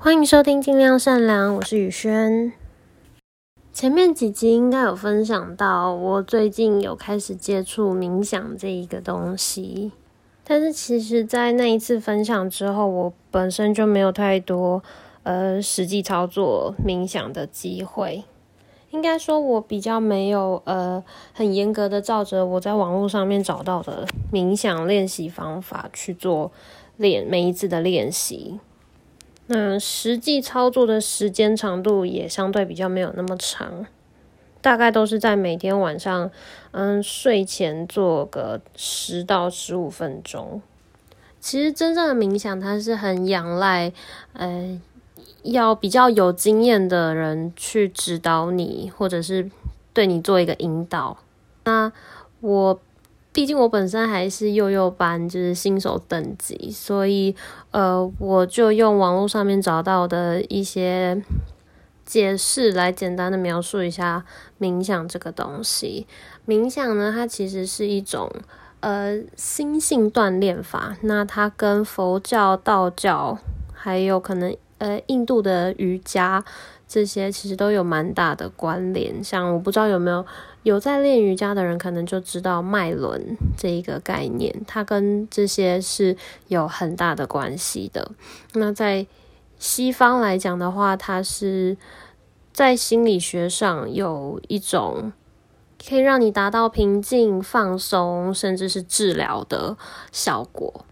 歡迎收聽《盡量善良》，我是宇軒。前面幾集應該有分享到，我最近有開始接觸冥想這一個東西，但是其實在那一次分享之後，我本身就沒有太多，呃，實際操作冥想的機會。應該說，我比較沒有呃，很嚴格的照着我在網絡上面找到的冥想練習方法去做練每一次的練習。那實際操作的時間長度也相對比較沒有那麼長，大概都是在每天晚上，嗯，睡前做個十到十五分鐘。其實真正的冥想，它是很仰賴，嗯、呃要比較有經驗的人去指導你，或者是對你做一個引導。那我畢竟我本身還是幼幼班，就是新手等級，所以呃，我就用網絡上面找到的一些解釋來簡單的描述一下冥想這個東西。冥想呢，它其實是一種呃心性鍛鍊法。那它跟佛教、道教還有可能。呃，印度的瑜伽這些其實都有蠻大的關聯。像我不知道有沒有，有在練瑜伽的人，可能就知道脈輪這一個概念，它跟這些是有很大的關係的。那在西方來講的話，它是在心理學上有一種可以讓你達到平靜、放鬆，甚至是治療的效果。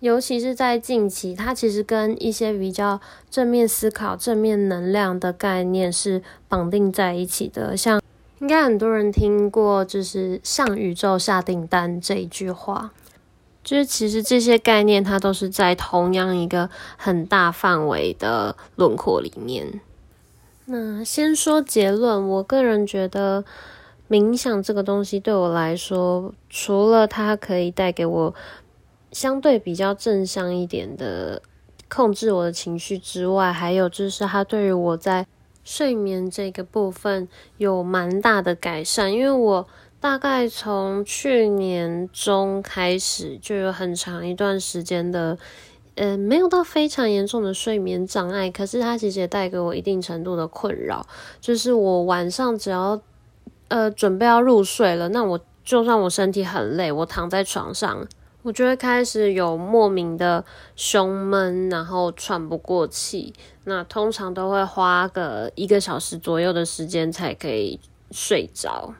尤其是在近期，它其實跟一些比較正面思考、正面能量的概念是綁定在一起的。像，應該很多人聽過，就是“向宇宙下訂單”這一句話，就是其實這些概念它都是在同樣一個很大範圍的輪廓裡面。那先說結論，我個人覺得冥想這個東西對我來說，除了它可以帶給我。相對比較正向一點的，控制我的情緒之外，還有就是它對於我在睡眠這個部分有蠻大的改善。因為我大概從去年中開始，就有很長一段時間的，嗯、呃、沒有到非常嚴重的睡眠障礙，可是它其實也帶給我一定程度的困擾，就是我晚上只要呃準備要入睡了，那我就算我身體很累，我躺在床上。我就會開始有莫名的胸悶，然後喘不過氣，那通常都會花個一個小時左右的時間才可以睡着。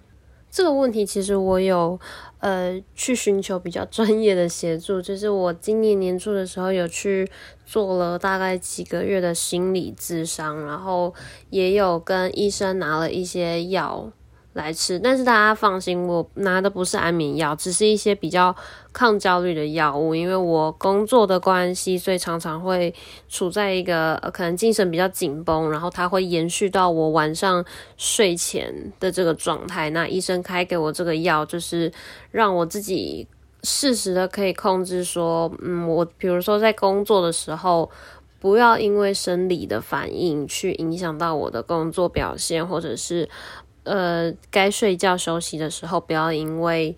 這個問題其實我有呃去尋求比較專業的協助，就是我今年年初的時候有去做了大概幾個月的心理諮商，然後也有跟醫生拿了一些藥。來吃，但是大家放心，我拿的不是安眠藥，只是一些比較抗焦慮的藥物。因為我工作的關係，所以常常會處在一個，呃，可能精神比較緊繃，然後它會延續到我晚上睡前的這個狀態。那醫生開給我這個藥，就是讓我自己適時的可以控制，說，嗯，我比如說在工作的時候，不要因為生理的反應去影響到我的工作表現，或者是。呃，該睡覺休息的時候，不要因為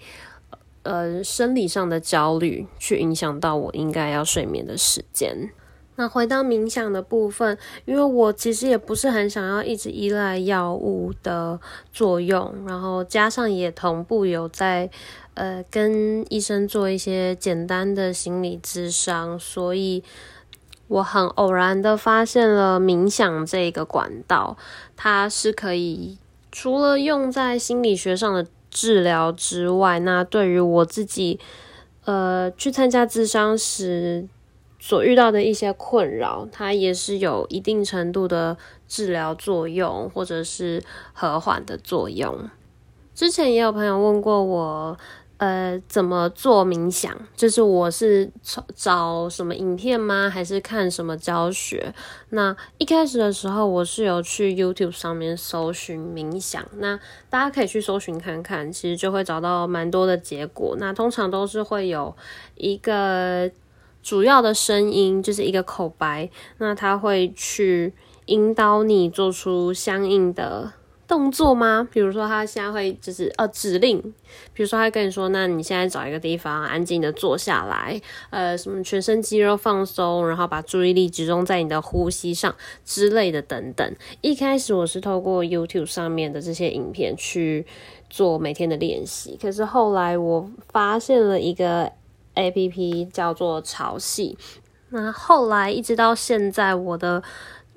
呃生理上的焦慮去影響到我應該要睡眠的時間。那回到冥想的部分，因為我其實也不是很想要一直依賴藥物的作用，然後加上也同步有在呃跟醫生做一些簡單的心理諮商，所以我很偶然的發現了冥想這個管道，它是可以。除了用在心理學上的治療之外，那對於我自己，呃，去參加諮商時所遇到的一些困擾，它也是有一定程度的治療作用或者是和緩的作用。之前也有朋友問過我。呃，怎麼做冥想？就是我是找找什麼影片嗎？還是看什麼教學？那一開始的時候，我是有去 YouTube 上面搜尋冥想，那大家可以去搜尋看看，其實就會找到蠻多的結果。那通常都是會有一個主要的聲音，就是一個口白，那他會去引導你做出相應的。動作嗎？比如說，他現在會就是呃指令，比如說他會跟你說，那你現在找一個地方安靜的坐下來，呃，什麼全身肌肉放鬆，然後把注意力集中在你的呼吸上之類的等等。一開始我是透過 YouTube 上面的這些影片去做每天的練習，可是後來我發現了一個 APP 叫做潮汐，那後來一直到現在我的。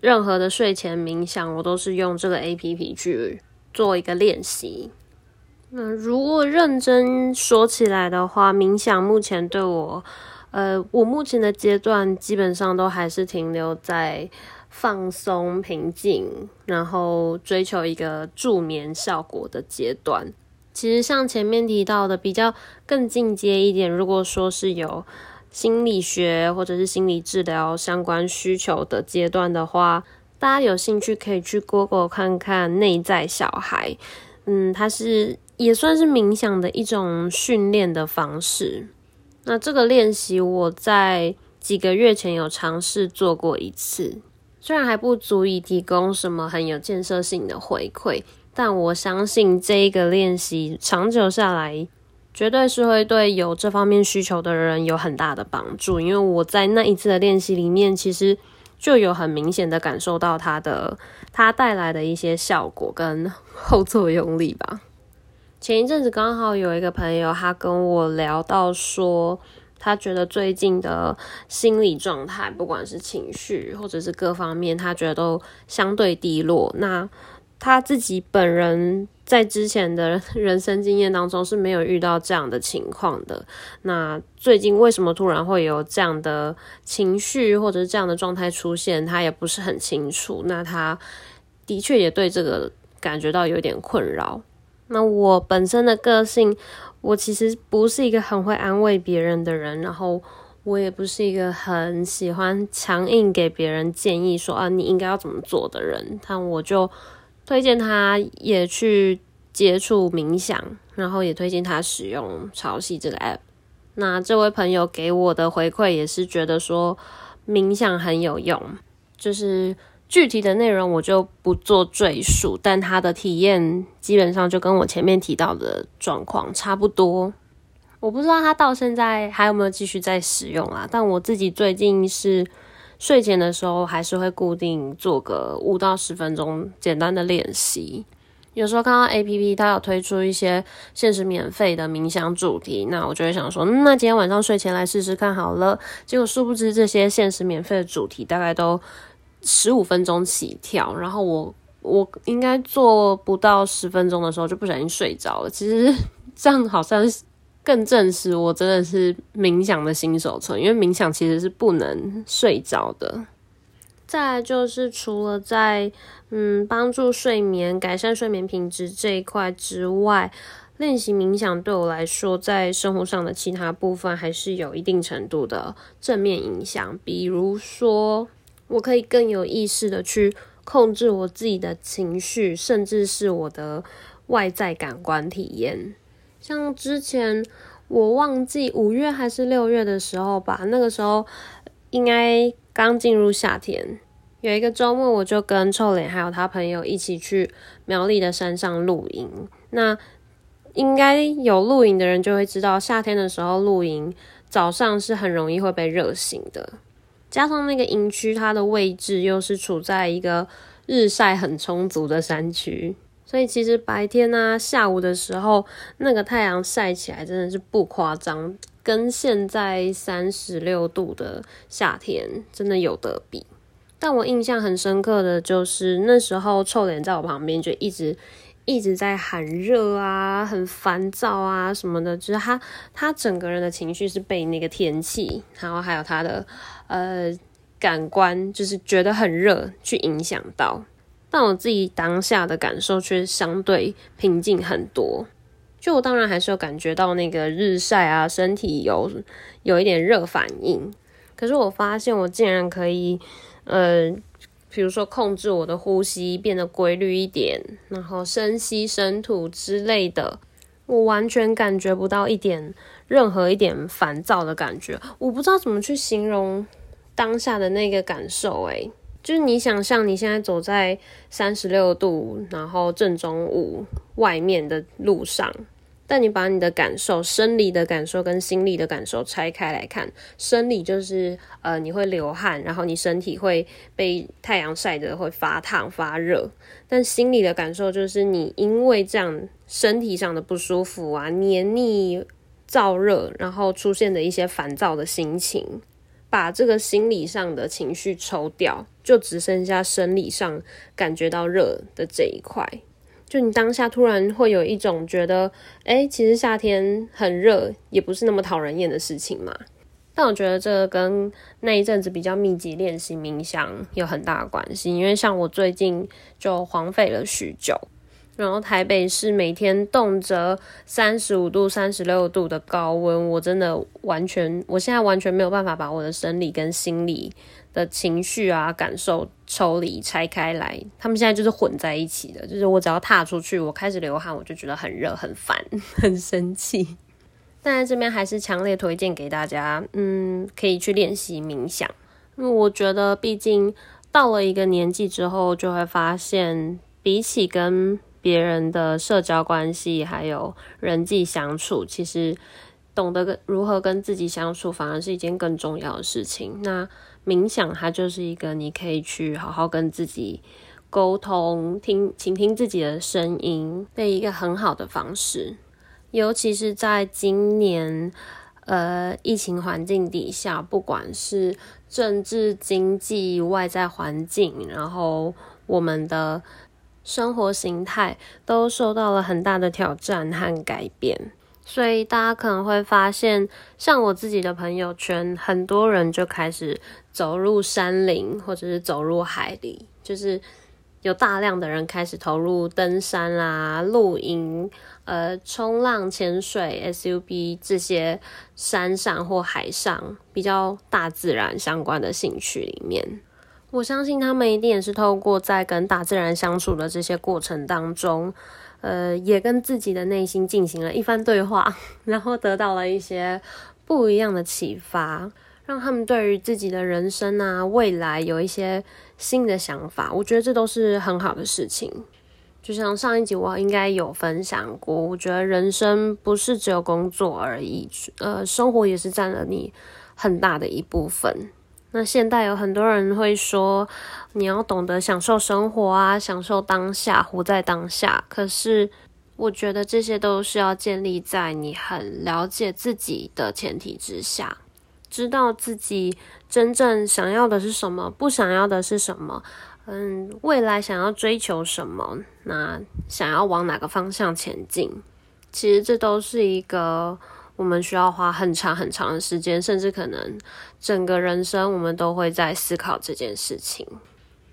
任何的睡前冥想，我都是用這個 A P P 去做一個練習。那、呃、如果認真說起來的話，冥想目前對我，呃，我目前的階段基本上都還是停留在放鬆、平靜，然後追求一個助眠效果的階段。其實像前面提到的，比較更進階一點，如果說是有。心理學或者是心理治療相關需求的階段的話，大家有興趣可以去 Google 看看內在小孩。嗯，它是也算是冥想的一種訓練的方式。那這個練習我在幾個月前有嘗試做過一次，雖然還不足以提供什麼很有建設性的回饋，但我相信這一個練習長久下來。絕對是會對有這方面需求的人有很大的幫助，因為我在那一次的練習裡面，其實就有很明顯的感受到它的它帶來的一些效果跟後座力吧。前一陣子剛好有一個朋友，他跟我聊到說，他覺得最近的心理狀態，不管是情緒或者是各方面，他覺得都相對低落。那他自己本人在之前的人生經驗當中是沒有遇到這樣的情況的。那最近為什麼突然會有這樣的情緒或者是這樣的狀態出現？他也不是很清楚。那他的確也對這個感覺到有點困擾。那我本身的個性，我其實不是一個很會安慰別人的人，然後我也不是一個很喜歡強硬給別人建議說，啊你應該要怎麼做的人。但我就。推薦他也去接觸冥想，然後也推薦他使用潮汐這個 app。那這位朋友給我的回饋也是覺得說冥想很有用，就是具體的內容我就不做贅述，但他的體驗基本上就跟我前面提到的狀況差不多。我不知道他到現在還有沒有繼續在使用啊，但我自己最近是。睡前的時候還是會固定做個五到十分鐘簡單的練習。有時候看到 APP 它有推出一些限時免費的冥想主題，那我就會想說，那今天晚上睡前來試試看好了。結果殊不知這些限時免費的主題大概都十五分鐘起跳，然後我我應該做不到十分鐘的時候就不小心睡着了。其實這樣好像。更證實我真的是冥想的新手村，因為冥想其實是不能睡着的。再來就是除了在嗯幫助睡眠、改善睡眠品質這一塊之外，練習冥想對我來說，在生活上的其他部分還是有一定程度的正面影響。比如說，我可以更有意識的去控制我自己的情緒，甚至是我的外在感官體驗。像之前我忘記五月還是六月的時候吧，那個時候應該剛進入夏天，有一個周末我就跟臭臉還有他朋友一起去苗栗的山上露營。那應該有露營的人就會知道，夏天的時候露營早上是很容易會被熱醒的，加上那個營區它的位置又是處在一個日曬很充足的山區。所以其實白天呢、啊，下午的時候，那個太陽曬起來真的是不誇張，跟現在三十六度的夏天真的有得比。但我印象很深刻的就是那時候臭臉在我旁邊，就一直一直在喊熱啊、很煩躁啊什麼的，就是他他整個人的情緒是被那個天氣，然後還有他的呃感官，就是覺得很熱去影響到。但我自己當下的感受卻相對平靜很多。就我當然還是有感覺到那個日曬啊，身體有有一點熱反應。可是我發現我竟然可以，呃，比如說控制我的呼吸變得規律一點，然後深吸深吐之類的，我完全感覺不到一點任何一點煩躁的感覺。我不知道怎麼去形容當下的那個感受，欸，誒。就是你想象你現在走在三十六度，然後正中午外面的路上，但你把你的感受，生理的感受跟心理的感受拆開來看，生理就是呃你會流汗，然後你身體會被太陽曬得會發燙發熱，但心理的感受就是你因為這樣身體上的不舒服啊，黏膩、燥熱，然後出現的一些煩躁的心情。把這個心理上的情緒抽掉，就只剩下生理上感覺到熱的這一塊。就你當下突然會有一種覺得，哎、欸，其實夏天很熱，也不是那麼討人厭的事情嘛。但我覺得這個跟那一陣子比較密集練習冥想有很大的關係，因為像我最近就荒廢了許久。然後台北市每天動輒三十五度、三十六度的高溫，我真的完全，我現在完全沒有辦法把我的生理跟心理的情緒啊、感受抽離拆開來，他們現在就是混在一起的。就是我只要踏出去，我開始流汗，我就覺得很熱、很煩、很生氣。 但在這邊還是強烈推薦給大家，嗯，可以去練習冥想，因為我覺得，畢竟到了一個年紀之後，就會發現，比起跟別人的社交關係，還有人際相處，其實懂得如何跟自己相處，反而是一件更重要的事情。那冥想，它就是一個你可以去好好跟自己溝通，聽傾聽自己的聲音的一個很好的方式。尤其是在今年，呃，疫情環境底下，不管是政治、經濟、外在環境，然後我們的，生活形態都受到了很大的挑戰和改變，所以大家可能會發現，像我自己的朋友圈，很多人就開始走入山林，或者是走入海裡，就是有大量的人開始投入登山啦、啊、露營、呃、衝浪、潛水、SUP 這些山上或海上比較大自然相關的興趣裡面。我相信他們一定也是透過在跟大自然相處的這些過程當中，呃，也跟自己的內心進行了一番對話，然後得到了一些不一樣的啟發，讓他們對於自己的人生啊，未來有一些新的想法。我覺得這都是很好的事情。就像上一集我應該有分享過，我覺得人生不是只有工作而已，呃，生活也是占了你很大的一部分。那現代有很多人會說，你要懂得享受生活啊，享受當下，活在當下。可是，我覺得這些都是要建立在你很了解自己的前提之下，知道自己真正想要的是什麼，不想要的是什麼，嗯，未來想要追求什麼，那想要往哪個方向前進。其實這都是一個。我們需要花很長很長的時間，甚至可能整個人生，我們都會在思考這件事情。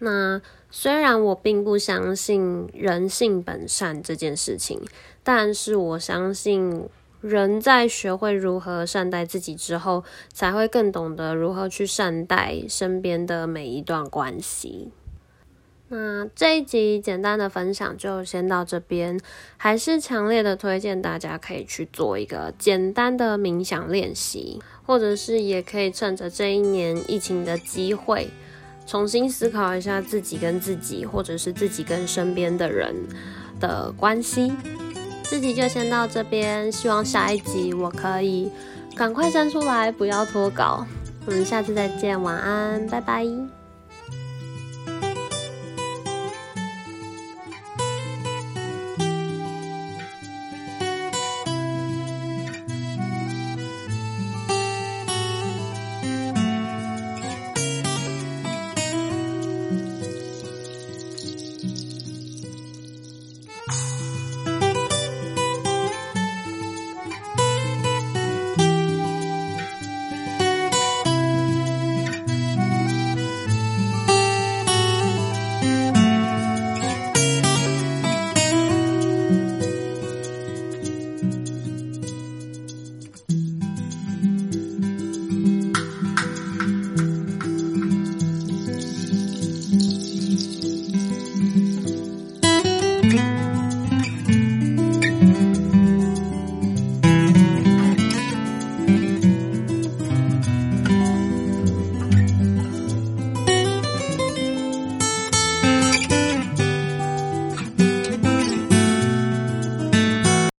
那雖然我並不相信人性本善這件事情，但是我相信人在學會如何善待自己之後，才會更懂得如何去善待身邊的每一段關係。那這一集簡單的分享就先到這邊，還是強烈的推薦大家可以去做一個簡單的冥想練習，或者是也可以趁着這一年疫情的機會，重新思考一下自己跟自己，或者是自己跟身邊的人的關係。自己就先到這邊，希望下一集我可以趕快生出來，不要拖稿。我們下次再見，晚安，拜拜。